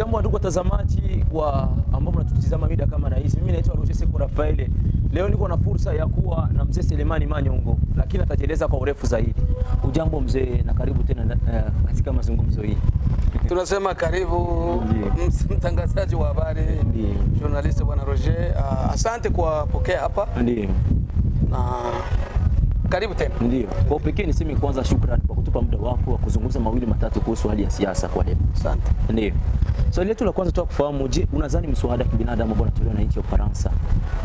Jambo ndugu watazamaji wa ambao mnatutizama mida kama na hizi, mimi naitwa Roger Seko Rafaele. Leo niko na fursa ya kuwa na mzee Selemani Manyongo, lakini atajieleza kwa urefu zaidi. Ujambo mzee, na karibu tena uh, katika mazungumzo hii. Tunasema karibu mtangazaji wa habari journalist bwana Roger. Uh, asante kwa pokea hapa. Ndio. Na karibu tena. Ndio. Kwa upekee niseme kwanza shukrani kutupa muda wako wa kuzungumza mawili matatu kuhusu hali ya siasa kwa leo. Asante. Ndio. Swali letu la kwanza tunataka kufahamu, je, unadhani mswada wa kibinadamu ambao unatolewa na nchi ya Ufaransa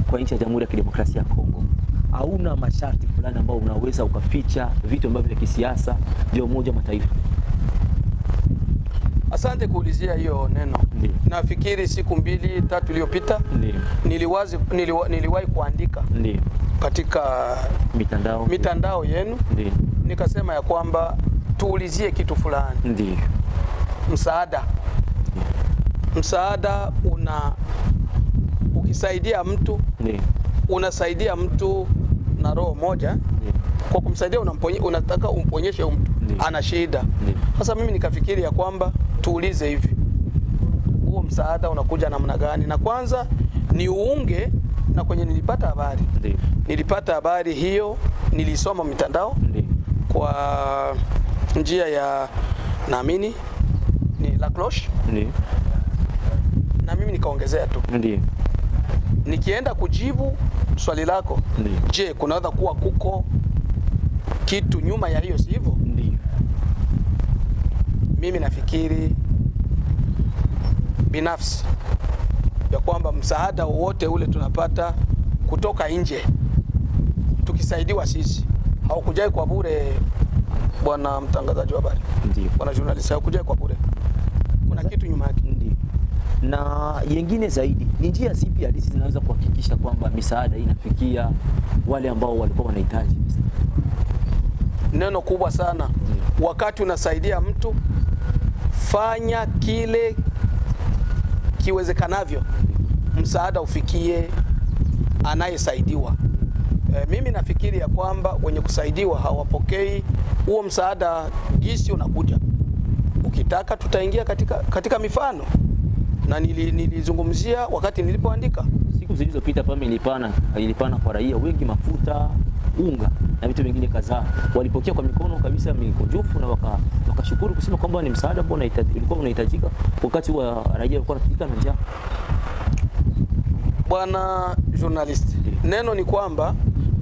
kwa nchi ya Jamhuri ya Kidemokrasia ya Kongo hauna masharti fulani ambao unaweza ukaficha vitu ambavyo vya kisiasa vya Umoja wa Mataifa? Asante kuulizia hiyo neno. Ndiyo. Nafikiri siku mbili tatu iliyopita niliwazi niliwahi kuandika Ndiyo. katika mitandao, mitandao yenu Ndiyo nikasema ya kwamba tuulizie kitu fulani. Ndiyo. Msaada, msaada una ukisaidia mtu Ndiyo. unasaidia mtu na roho moja Ndiyo. kwa kumsaidia unamponye, unataka umponyeshe mtu ana shida. Sasa mimi nikafikiri ya kwamba tuulize hivi, huo msaada unakuja namna gani? Na kwanza ni uunge na kwenye nilipata habari Ndiyo. nilipata habari hiyo nilisoma mitandao Ndiyo kwa njia ya naamini ni La Cloche ndiyo, na mimi nikaongezea tu ndiyo, nikienda kujibu swali lako ndiyo. Je, kunaweza kuwa kuko kitu nyuma ya hiyo, sivyo? Ndiyo, mimi nafikiri binafsi ya kwamba msaada wowote ule tunapata kutoka nje tukisaidiwa sisi haukujai kwa bure, bwana mtangazaji wa habari, bwana journalist, haukujai kwa bure, kuna kitu nyuma yake. Ndio na yengine zaidi, ni njia zipi halisi zinaweza kuhakikisha kwamba misaada inafikia wale ambao walikuwa wanahitaji? Neno kubwa sana Ndiyo. Wakati unasaidia mtu fanya kile kiwezekanavyo msaada ufikie anayesaidiwa e, mimi nafikiri ya kwamba wenye kusaidiwa hawapokei huo msaada jinsi unakuja. Ukitaka tutaingia katika, katika mifano na nilizungumzia wakati nilipoandika siku zilizopita pame ilipana, nilipana kwa raia wengi mafuta, unga na vitu vingine kadhaa, walipokea kwa mikono kabisa mikunjufu na wakashukuru waka kusema kwamba ni msaada ambao ulikuwa unahitajika wakati wa raia walikuwa wanafikika na njaa. Bwana journalist, neno ni kwamba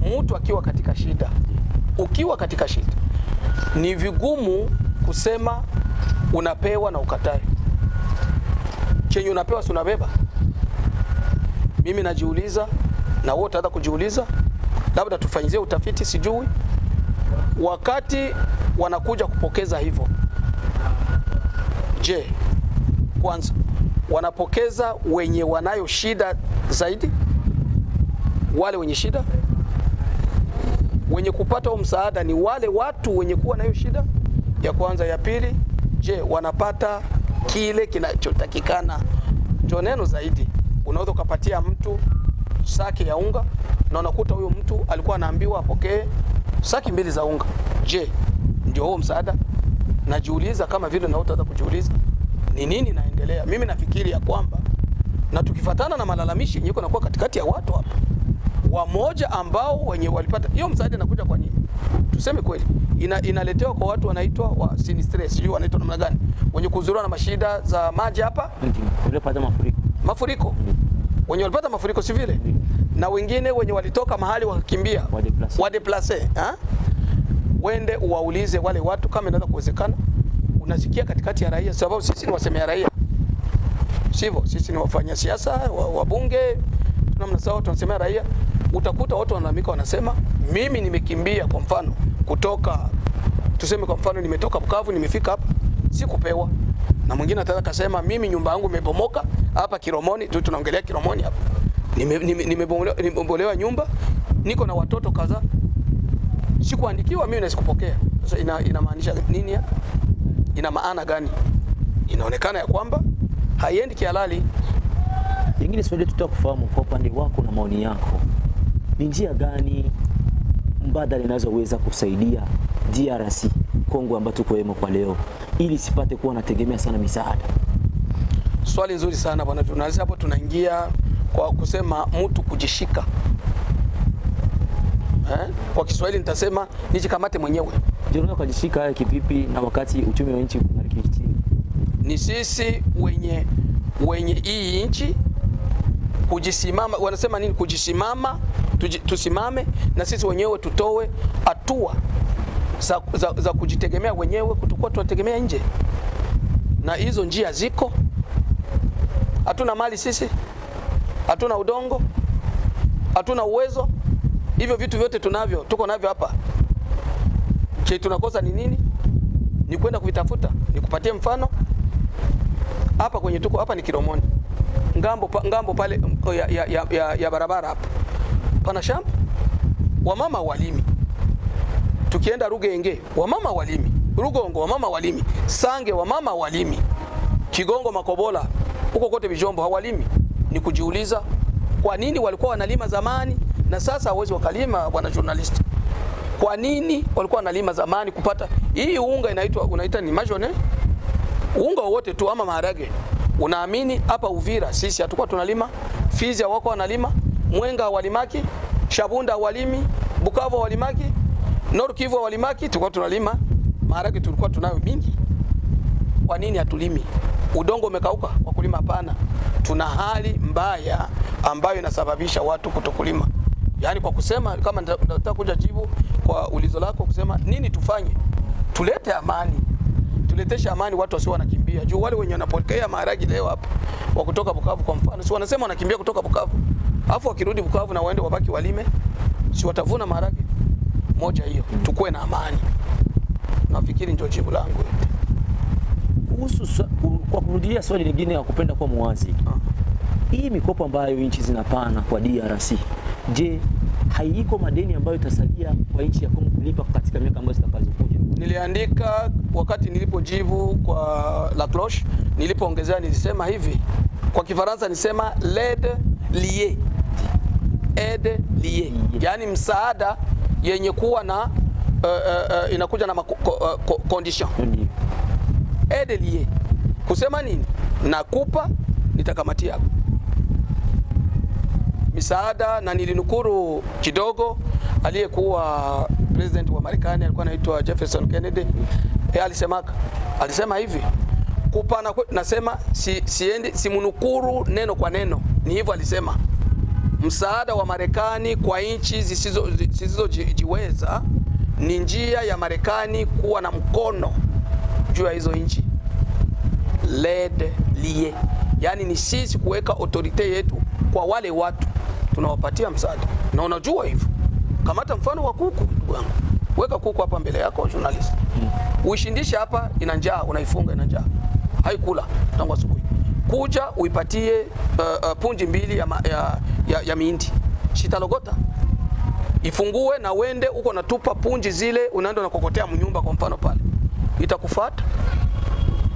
mtu akiwa katika shida, ukiwa katika shida ni vigumu kusema unapewa na ukatae. Chenye unapewa si unabeba. Mimi najiuliza na wewe utaanza kujiuliza, labda tufanyizie utafiti, sijui wakati wanakuja kupokeza hivyo. Je, kwanza wanapokeza wenye wanayo shida zaidi, wale wenye shida wenye kupata huo msaada ni wale watu wenye kuwa na hiyo shida ya kwanza. Ya pili, je, wanapata kile kinachotakikana? Ndio neno zaidi. Unaweza ukapatia mtu saki ya unga na unakuta huyo mtu alikuwa anaambiwa apokee saki mbili za unga. Je, ndio huo msaada? Najiuliza kama vile na utaweza kujiuliza ni nini naendelea. Mimi nafikiri ya kwamba na tukifatana na malalamishi yenyewe kunakuwa katikati ya watu hapa wamoja ambao wenye walipata hiyo msaada. Inakuja kwa nini? Tuseme kweli, ina, inaletewa kwa watu wanaitwa wa sinistress, sijui wanaitwa namna gani, wenye kuzuriwa na mashida za maji hapa, waliopata mafuriko, mafuriko wenye walipata mafuriko, si vile na wengine wenye walitoka mahali wakakimbia, wa wadeplace ha? Wende uwaulize wale watu kama inaweza kuwezekana. Unasikia katikati ya raia, sababu sisi ni wasemea raia, sivyo? Sisi ni wafanya siasa, wabunge, tunamna sawa, tunasemea raia utakuta watu wanalalamika, wanasema mimi nimekimbia, kwa mfano kutoka tuseme, kwa mfano nimetoka Bukavu, nimefika hapa sikupewa. Na mwingine ataweza kusema mimi nyumba yangu imebomoka hapa Kiromoni tu, tunaongelea Kiromoni hapa, nimebomolewa nime, nime nyumba, niko na watoto kadhaa, sikuandikiwa mimi na sikupokea. Sasa so, ina, inamaanisha nini ya? Ina maana gani? Inaonekana ya kwamba haiendi kihalali. Pengine sio tuta kufahamu kwa upande wako na maoni yako ni njia gani mbadala inazoweza kusaidia DRC Kongo ambayo tuko yemo kwa leo, ili sipate kuwa nategemea sana misaada? Swali nzuri sana bwana. Tunaanza hapo, tunaingia kwa kusema mtu kujishika eh? Kwa Kiswahili nitasema nijikamate mwenyewe. Jirani kujishika haya kivipi, na wakati uchumi wa nchi unaelekea chini? Ni sisi wenye wenye hii nchi kujisimama, wanasema nini? Kujisimama tusimame na sisi wenyewe tutoe hatua za, za, za kujitegemea wenyewe kutokuwa tunategemea nje, na hizo njia ziko. Hatuna mali sisi, hatuna udongo, hatuna uwezo, hivyo vitu vyote tunavyo, tuko navyo hapa. Che tunakosa ni nini? Ni kwenda kuvitafuta. Nikupatie mfano hapa kwenye tuko hapa ni Kiromoni, ngambo, ngambo pale ya, ya, ya, ya barabara hapa pana Sham wamama walimi, tukienda Rugenge wamama walimi, Rugongo wamama walimi, Sange wamama walimi, Kigongo, Makobola, huko kote Bijombo hawalimi. Ni kujiuliza kwa nini walikuwa wanalima zamani na sasa hawezi wakalima. Bwana journalist, kwa nini walikuwa wanalima zamani kupata hii unga inaitwa unaita ni majone unga wote tu ama maharage? Unaamini hapa Uvira sisi hatakuwa tunalima, Fizi hawako wanalima Mwenga walimaki, Shabunda walimi, Bukavu walimaki, Nord Kivu walimaki, tulikuwa tunalima maharage, tulikuwa tunayo mingi. Kwa nini hatulimi? Udongo umekauka Wakulima Hapana, tuna hali mbaya ambayo inasababisha watu kutokulima. Yaani kwa kusema kama nataka kuja jibu kwa ulizo lako kusema nini tufanye, tulete amani, tuleteshe amani watu wasio wanakimbia juu. Wale wenye wanapokea maharage leo hapa wa kutoka Bukavu kwa mfano, si wanasema wanakimbia kutoka Bukavu Alafu wakirudi Bukavu na waende wabaki walime, si watavuna maharage moja hiyo, tukue na amani. Nafikiri ndio jibu langu. Kuhusu kwa kurudia swali lingine ya kupenda kuwa muwazi. Ha. Ah. Hii mikopo ambayo nchi zinapana kwa DRC, je, haiiko madeni ambayo itasalia kwa nchi ya Kongo kulipa katika miaka ambayo zitakazokuja? Niliandika wakati nilipojibu kwa La Cloche, hmm. nilipoongezea nilisema hivi kwa Kifaransa, nilisema l'aide liée aide lié, yaani msaada yenye kuwa na uh, uh, uh, inakuja na condition uh, aide lié kusema nini? Nakupa nitakamati misaada, na nilinukuru kidogo aliyekuwa president wa Marekani alikuwa anaitwa Jefferson Kennedy. E, alisemaka alisema hivi kupana, nasema si, siendi simnukuru neno kwa neno, ni hivyo alisema msaada wa Marekani kwa nchi zisizojiweza ni njia ya Marekani kuwa na mkono juu ya hizo nchi led lie, yaani ni sisi kuweka autorite yetu kwa wale watu tunawapatia msaada, na unajua hivyo. Kamata mfano wa kuku, ndugu yangu, weka kuku hapa mbele yako journalist, hmm. uishindishe hapa, ina njaa, unaifunga ina njaa, haikula tangu asubuhi kuja uipatie uh, uh, punji mbili ya, ya, ya, ya mihindi shitalogota ifungue na wende uko natupa punji zile, unaenda unakokotea mnyumba kwa mfano pale, itakufata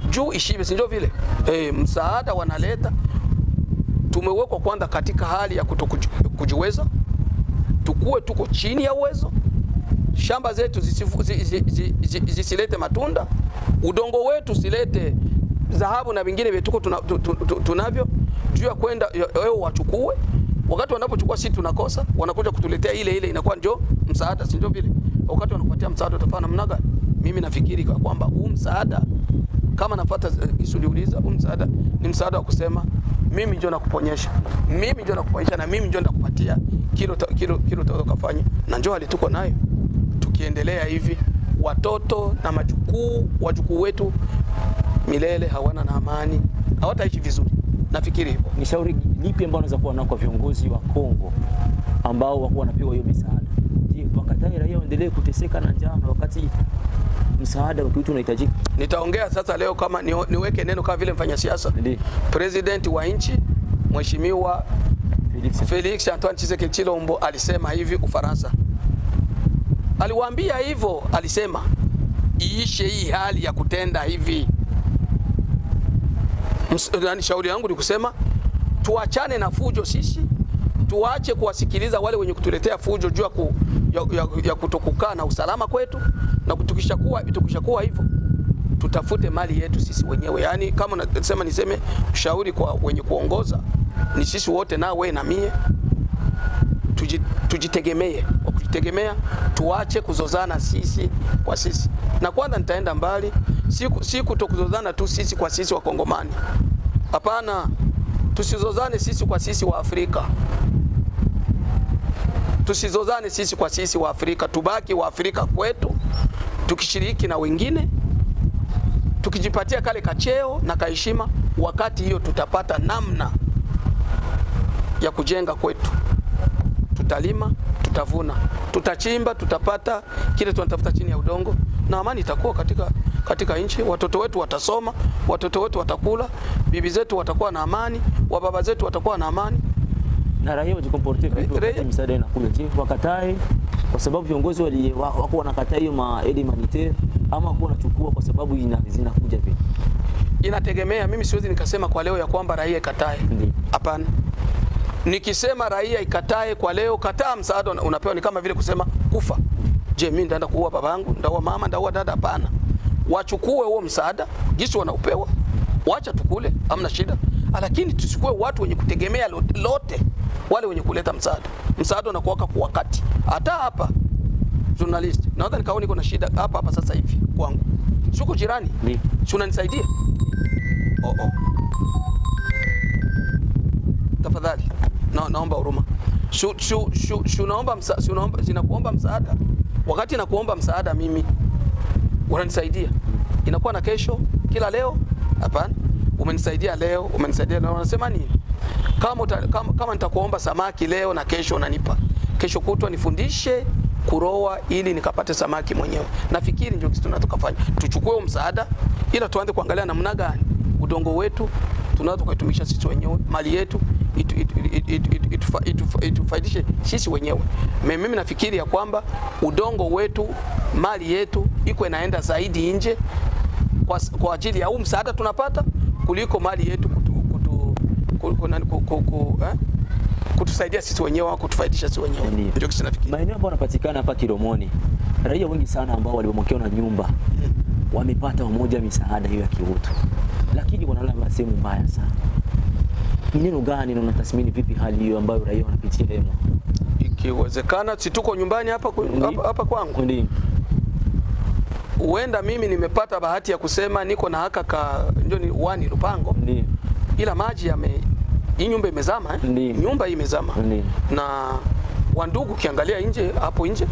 juu ishibe, si ndio vile? E, msaada wanaleta. Tumewekwa kwanza katika hali ya kutokujiweza, tukuwe tuko chini ya uwezo, shamba zetu zisilete zi, zi, zi, zi, zi matunda, udongo wetu silete dhahabu na vingine vyetuko tunavyo tuna, tuna juu ya kwenda wao wachukue. Wakati wanapochukua sisi tunakosa, wanakuja kutuletea ile ile, inakuwa ndio msaada, si ndio vile? Wakati wanakupatia msaada utafanya namna gani? Mimi nafikiri kwa kwamba huu msaada kama napata kisuliuliza, eh, huu msaada ni msaada wa kusema mimi ndio nakuponyesha, mimi ndio nakuponyesha na mimi ndio nakupatia kilo kilo kilo utakafanya, na ndio alituko nayo. Tukiendelea hivi, watoto na majukuu wajukuu wetu milele hawana na amani, hawataishi vizuri. Nafikiri hivyo. Ni shauri lipi ambalo unaweza kuwa nao kwa viongozi wa Kongo ambao wako wanapewa hiyo misaada? Je, wakatae raia waendelee kuteseka na njaa wakati msaada wa kiutu unahitajika? Nitaongea sasa leo kama niweke neno kama vile mfanya siasa president wa nchi Mheshimiwa Felix, Felix Antoine Tshisekedi Chilombo alisema hivi Ufaransa. Aliwaambia hivyo, alisema iishe hii hali ya kutenda hivi nani, shauri yangu ni kusema tuachane na fujo sisi, tuache kuwasikiliza wale wenye kutuletea fujo juu ku, ya, ya, ya kutokukaa na usalama kwetu, na tukishakuwa tukishakuwa hivyo tutafute mali yetu sisi wenyewe. Yaani kama nasema niseme ushauri kwa wenye kuongoza ni sisi wote, na we na mie, tujitegemee. Kwa kujitegemea, tuache kuzozana sisi kwa sisi, na kwanza nitaenda mbali si kutokuzozana tu sisi kwa sisi Wakongomani, hapana, tusizozane sisi kwa sisi wa Afrika, tusizozane sisi kwa sisi wa Afrika, tubaki wa Afrika kwetu, tukishiriki na wengine, tukijipatia kale kacheo na kaheshima. Wakati hiyo tutapata namna ya kujenga kwetu, tutalima, tutavuna, tutachimba, tutapata kile tunatafuta chini ya udongo, na amani itakuwa katika katika nchi, watoto wetu watasoma, watoto wetu watakula, bibi zetu watakuwa na amani, wababa zetu watakuwa na amani na raia wajikomporte vipi wakati inakuja? Je, wakatae kwa sababu viongozi wako wanakataa hiyo maaid humanitaire, ama kwa wanachukua kwa sababu zinakuja vipi? Inategemea. Mimi siwezi nikasema kwa leo ya kwamba raia ikatae, hapana. Nikisema raia ikatae kwa leo, kataa msaada unapewa, ni kama vile kusema kufa. Je, mimi ndaenda kuua babangu, ndaua mama, ndaua dada? Hapana wachukue huo msaada jinsi wanaopewa, wacha tukule, hamna shida, lakini tusikue watu wenye kutegemea lote wale wenye kuleta msaada. Msaada unakuwaka kwa wakati. Hata hapa journalist, naona nikaona niko na shida hapa hapa sasa hivi kwangu, suko jirani, si unanisaidia? Oh, oh. Tafadhali na, naomba huruma shu, shu, shu, shu naomba msa, msaada wakati nakuomba msaada mimi unanisaidia inakuwa na kesho kila leo? Hapana, umenisaidia leo, umenisaidia leo. Unasema nini? Kama, kama, kama nitakuomba samaki leo na kesho unanipa, kesho kutwa nifundishe kuroa ili nikapate samaki mwenyewe. Nafikiri ndio kitu tunatokafanya, tuchukue msaada, ila tuanze kuangalia namna gani udongo wetu tunaweza kuitumisha sisi wenyewe, mali yetu itu, itu, itu, itu, itu, itufaidishe sisi wenyewe. Mimi nafikiri ya kwamba udongo wetu, mali yetu iko inaenda zaidi nje kwa, kwa ajili ya huu msaada tunapata kuliko mali yetu kutu, kutu, kutu, kutu, kutu, eh? kutusaidia sisi wenyewe au kutufaidisha sisi wenyewe. Ndio kitu nafikiri. Maeneo ambayo yanapatikana hapa kiromoni raia wengi sana ambao walibomokewa na nyumba hmm. wamepata umoja misaada hiyo ya kiutu, lakini wanalala sehemu mbaya sana. Ni neno gani na unatathmini vipi hali hiyo ambayo raia wanapitia leo? Ikiwezekana, si tuko nyumbani hapa hapa kwangu. Ndio huenda mimi nimepata bahati ya kusema niko na haka ka ni wani Lupango Ndi. ila maji yame hii nyumba imezama eh? Ndi. nyumba hii imezama Ndi. na wandugu, kiangalia nje hapo nje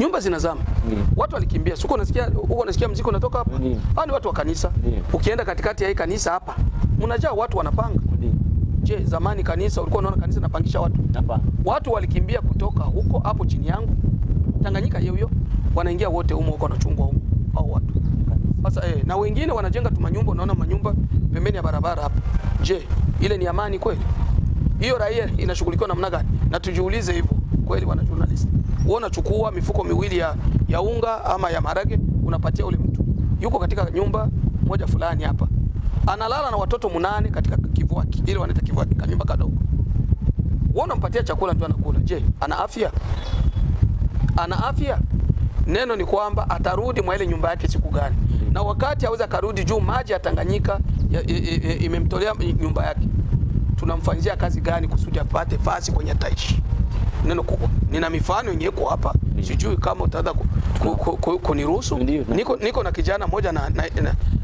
nyumba zinazama Ndi. watu walikimbia, siko nasikia huko, nasikia mziki unatoka hapa. Hao ni watu wa kanisa Ndi. ukienda katikati ya hii kanisa hapa mnajaa watu wanapanga Ndi. Je, zamani kanisa ulikuwa unaona kanisa napangisha watu hapa? Watu walikimbia kutoka huko hapo chini yangu Tanganyika hiyo hiyo wanaingia wote humo huko chungwa huko sasa eh, na wengine wanajenga tu manyumba, unaona manyumba pembeni ya barabara hapa. Je, ile ni amani kweli? Hiyo raia inashughulikiwa namna gani? Na tujiulize hivyo kweli, wana journalist. Wewe unachukua mifuko miwili ya, ya unga ama ya marage unapatia ule mtu yuko katika nyumba moja fulani hapa, analala na watoto munane katika kivuaki, ile wanaita kivuaki, kanyumba kadogo. Wewe unampatia chakula tu anakula. Je, ana afya? Ana afya? Neno ni kwamba atarudi mwa ile nyumba yake siku gani? na wakati aweza karudi juu maji ya Tanganyika imemtolea nyumba yake, tunamfanyia kazi gani kusudi apate fasi kwenye taishi? Neno kubwa. Nina mifano yenye iko hapa, sijui kama utaanza kuniruhusu. Niko niko na kijana mmoja na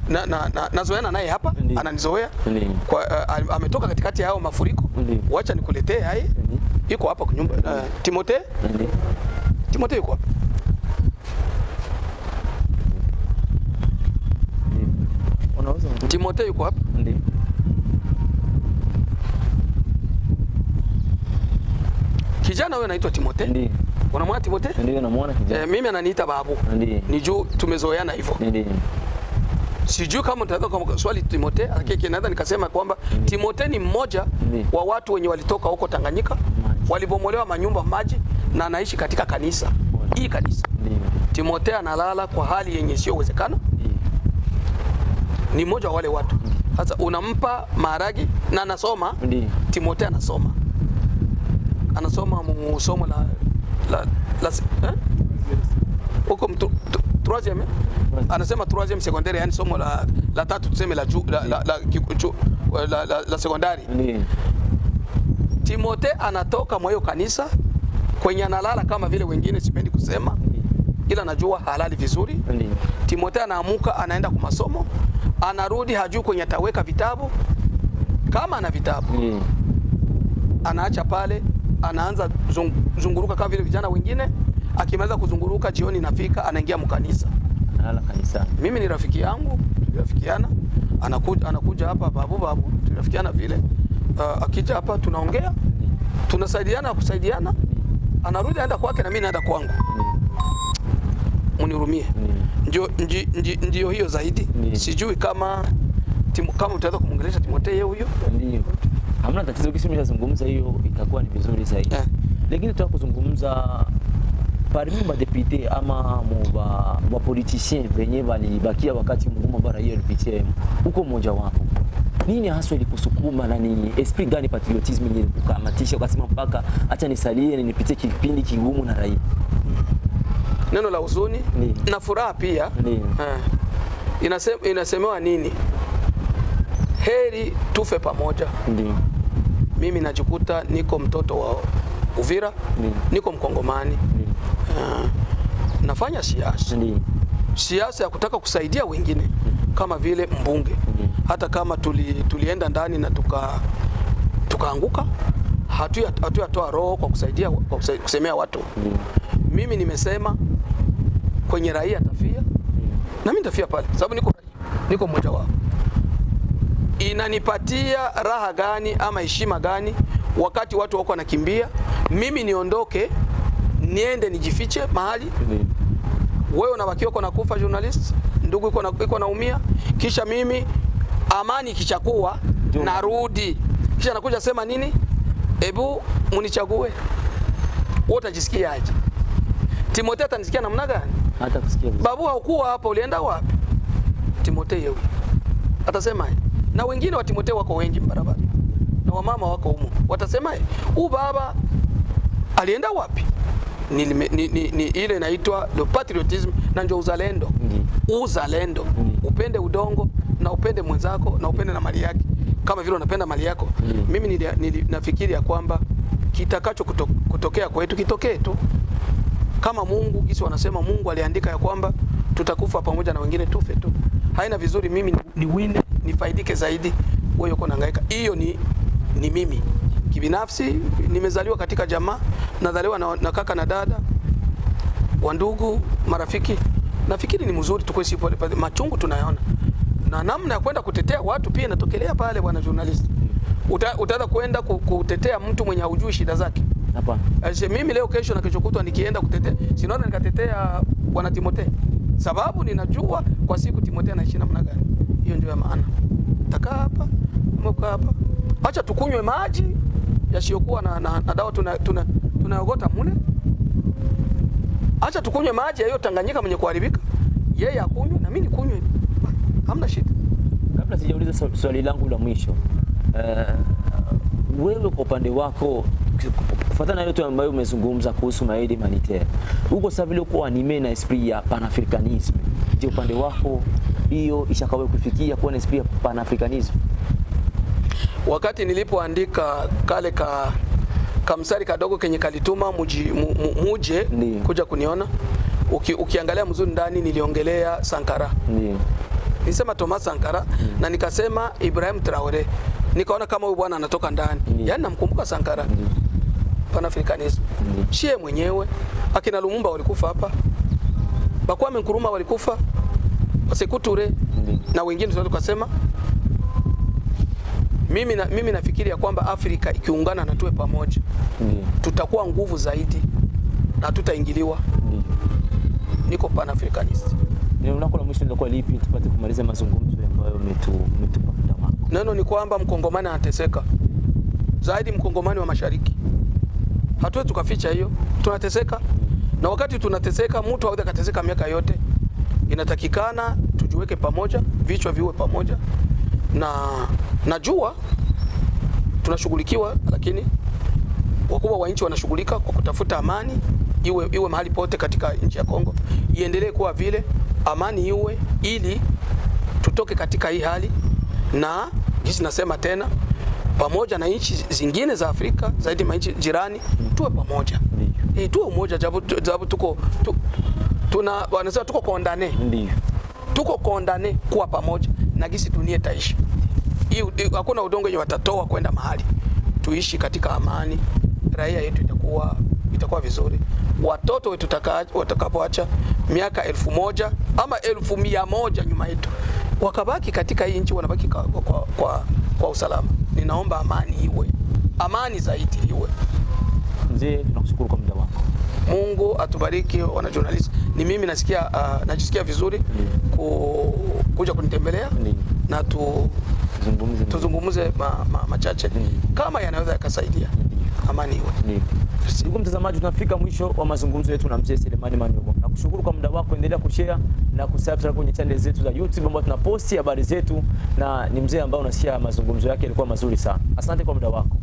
na na nazoeana naye hapa, ananizoea kwa, eh, ametoka katikati ya hao mafuriko. Wacha nikuletee hai, iko hapa kwa nyumba. Timote, eh, Timote yuko hapa Timotheo yuko hapa? Ndio. Kijana huyo anaitwa Timotheo? Ndio. Unamwona Timotheo? Ndio, namwona kijana. Eh, mimi ananiita babu. Ndio. Ni juu tumezoeana hivyo. Ndio. Sijui kama nitaweza kwa swali Timotheo, lakini kinaweza nikasema kwamba Timotheo ni mmoja wa watu wenye walitoka huko Tanganyika, walibomolewa manyumba maji na anaishi katika kanisa. Hii kanisa. Timotheo analala kwa hali yenye sio uwezekano ni mmoja wa wale watu. Sasa unampa maharagi na anasoma, Timotheo anasoma anasoma somo la la, la eh? huko troisieme eh? anasema troisieme secondaire, yani somo la, la tatu tuseme la, la, la, la, la, la secondaire. Timotheo anatoka mwa hiyo kanisa kwenye analala kama vile wengine, sipendi kusema ila anajua halali vizuri. Timotheo anaamuka anaenda kwa masomo, anarudi hajui kwenye ataweka vitabu, kama ana vitabu mm. anaacha pale, anaanza zung, zunguruka kama vile vijana wengine. Akimaliza kuzunguruka jioni nafika, anaingia mkanisa, analala kanisa. Mimi ni rafiki yangu, tuliafikiana, anakuja anakuja hapa babu babu, tuliafikiana vile uh, akija hapa tunaongea, tunasaidiana kusaidiana, anarudi aenda kwake na mimi naenda kwangu mnihurumie. Mm. Ndio ndio hiyo zaidi. Sijui kama timu, kama utaweza kumwongelesha Timotheo huyo. Ndio. Hamna tatizo, ukishazungumza hiyo itakuwa ni vizuri zaidi. eh. Lakini tutaka kuzungumza parmi député ama bapolitisien venye bali bakia wakati mgumu bara hiyo ilipitia huko mmoja wapo, nini haswa ilikusukuma na ni esprit gani patriotisme ile ilikukamatisha ukasema mpaka acha nisalie nipitie kipindi kigumu na raia? neno la huzuni na furaha pia inasema, inasemewa nini? Heri tufe pamoja. Ndiyo. Mimi najikuta niko mtoto wa Uvira. Ndiyo. Niko mkongomani. Ndiyo. Nafanya siasa, siasa ya kutaka kusaidia wengine kama vile mbunge. Ndiyo. Hata kama tuli, tulienda ndani na tuka tukaanguka, hatuyatoa hatu roho kwa kusaidia, kwa kusemea watu. Ndiyo. Mimi nimesema kwenye raia tafia na mimi nitafia pale, sababu niko raia, niko mmoja wao. Inanipatia raha gani ama heshima gani wakati watu wako wanakimbia, mimi niondoke niende nijifiche mahali Wewe unabakiwa uko nakufa journalist, ndugu iko naumia, kisha mimi amani ikishakuwa narudi, kisha nakuja sema nini? Ebu munichague, wewe utajisikiaje? Timotheo atanisikia namna gani? hata kusikia Babu, haukuwa hapa, ulienda wapi? Timotheo atasema na wengine wa Timotheo wako wengi barabara, na wamama wako humo, watasema huu baba alienda wapi? Ni, ni, ni, ni ile inaitwa le patriotism na ndio uzalendo mm. Uzalendo mm. Upende udongo na upende mwenzako na upende na mali yake kama vile unapenda mali yako mm. Mimi nili, nafikiri ya kwamba kitakacho kuto, kutokea kwetu kitokee tu kama Mungu kisi wanasema Mungu aliandika ya kwamba tutakufa pamoja na wengine tufe tu. Haina vizuri mimi niwine nifaidike zaidi, wewe uko nahangaika. Hiyo ni ni mimi kibinafsi, nimezaliwa katika jamaa, nadhaliwa na, na kaka na dada wa ndugu marafiki. Nafikiri ni mzuri tukoe sipo pale, machungu tunayaona na namna ya kwenda kutetea watu pia inatokelea pale, bwana journalist. Utaanza kwenda kutetea mtu mwenye haujui shida zake. Hapana. Eh, mimi leo kesho na kesho kutwa nikienda kutetea, sinaona nikatetea bwana Timothée. Sababu ninajua kwa siku Timothée anaishi namna gani. Hiyo ndio ya maana. Taka hapa, mko hapa. Acha tukunywe maji yasiyokuwa na, na, na dawa tuna tunaogota tuna mune. Acha tukunywe maji ya hiyo Tanganyika mwenye kuharibika. Yeye akunywe na mimi nikunywe. Hamna shida. Kabla sijauliza swali langu la mwisho. Uh, wewe kwa upande wako kufuatana na ile ambayo umezungumza kuhusu maaide humanitaire huko sasa, vile uko anime na esprit ya panafricanisme, je, upande wako hiyo ishakawe kufikia kuwa na esprit ya panafricanisme? Wakati nilipoandika kale ka kamsari kadogo kenye kalituma muji, mu, muje Ndiyo. kuja kuniona uki, ukiangalia mzuri ndani niliongelea Sankara Ndiyo. Nisema Thomas Sankara Ndiyo. na nikasema Ibrahim Traore nikaona kama huyu bwana anatoka ndani, yaani namkumbuka Sankara Ndiyo. Panafricanism. mm Shie mwenyewe akina Lumumba walikufa hapa, Bakwame Nkuruma walikufa, Sekou Toure na wengine tunaweza tukasema. Mimi, na, mimi nafikiri ya kwamba Afrika ikiungana na tuwe pamoja mm tutakuwa nguvu zaidi na tutaingiliwa. Niko panafricanist. Neno lako la mwisho lilikuwa lipi tupate kumaliza mazungumzo ambayo umetupa? muda wako? Neno ni kwamba mkongomani anateseka zaidi, mkongomani wa mashariki hatuwezi tukaficha hiyo, tunateseka na wakati tunateseka, mtu hawezi akateseka miaka yote. Inatakikana tujiweke pamoja, vichwa viwe pamoja, na najua tunashughulikiwa, lakini wakubwa wa nchi wanashughulika kwa kutafuta amani iwe, iwe mahali pote katika nchi ya Kongo, iendelee kuwa vile, amani iwe, ili tutoke katika hii hali, na jinsi nasema tena pamoja na nchi zingine za Afrika zaidi nchi jirani, tuwe pamoja e, tuwe umoja, jabu tuko tu, tuna wanasema tuko kondane, ndio tuko kondane kuwa pamoja na gisi dunia taishi hakuna udongo yenye watatoa kwenda mahali. Tuishi katika amani, raia yetu itakuwa itakuwa vizuri. Watoto wetu watakapoacha miaka elfu moja ama elfu mia moja nyuma yetu, wakabaki katika hii nchi, wanabaki kwa, kwa, kwa kwa usalama. Ninaomba amani iwe, amani zaidi iwe. Mzee, tunakushukuru kwa muda wako. Mungu atubariki wana journalist. Ni mimi nasikia uh, najisikia vizuri ku, kuja kunitembelea na tu, tuzungumze ma, ma, machache Ndi. kama yanaweza yakasaidia amani iwe. Ndugu mtazamaji, tunafika mwisho wa mazungumzo yetu na mzee Selemani Manyogo kushukuru kwa muda wako, endelea kushare na kusubscribe kwenye channel zetu za YouTube ambapo tunaposti habari zetu, na ni mzee ambaye unasikia mazungumzo yake yalikuwa mazuri sana. Asante kwa muda wako.